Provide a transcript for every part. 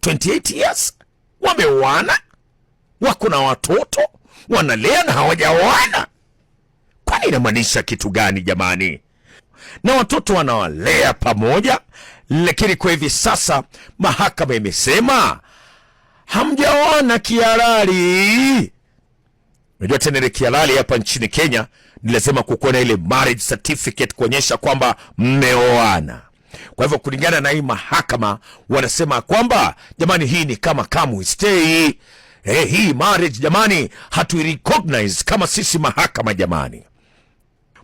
28, years wameoana, wako na watoto wanalea na hawajaoana. Kwani inamaanisha kitu gani jamani? Na watoto wanawalea pamoja, lakini kwa hivi sasa mahakama imesema hamjaoana kihalali. Unajua tena ile kihalali hapa nchini Kenya ni lazima kukuwa na ile marriage certificate kuonyesha kwamba mmeoana. Kwa hivyo kulingana na hii mahakama wanasema kwamba jamani, hii ni kama come eh, hii marriage jamani, hatu kama sisi mahakama jamani.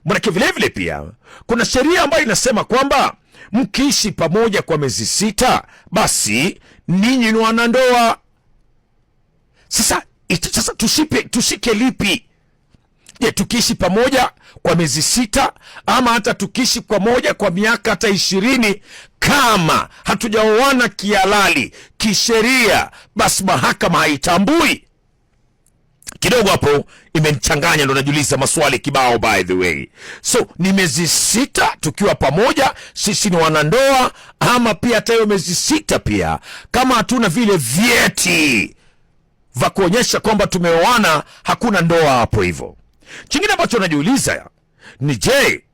Manake vilevile pia kuna sheria ambayo inasema kwamba mkiishi pamoja kwa miezi sita, basi ninyi ni wanandoa. Sasa, sasa tushike lipi Je, tukiishi pamoja kwa miezi sita ama hata tukiishi pamoja kwa miaka hata ishirini kama hatujaoana kihalali kisheria, basi mahakama haitambui. Kidogo hapo imenichanganya, ndo najiuliza maswali kibao. By the way, so ni miezi sita tukiwa pamoja, sisi ni wanandoa, ama pia hata hiyo miezi sita pia kama hatuna vile vyeti vya kuonyesha kwamba tumeoana, hakuna ndoa hapo hivyo chingine ambacho najiuliza ni je,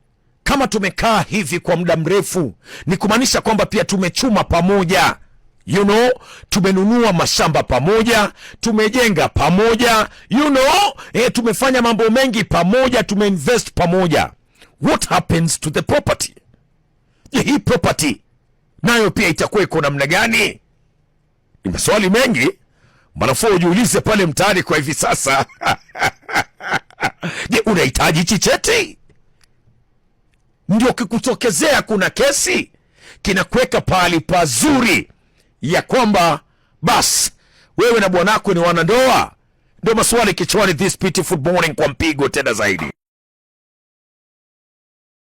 kama tumekaa hivi kwa muda mrefu ni kumaanisha kwamba pia tumechuma pamoja you know, tumenunua mashamba pamoja, tumejenga pamoja you know, eh, tumefanya mambo mengi pamoja, tumeinvest pamoja. What happens to the property? Je, hii property nayo pia itakuwa iko namna gani? Ni maswali mengi manafua ujiulize pale mtaani kwa hivi sasa unahitaji hichi cheti ndio kikutokezea kuna kesi kinakuweka pahali pazuri ya kwamba basi wewe na bwanako ni wanandoa. Ndio maswali kichwani this pitiful morning, kwa mpigo tena zaidi.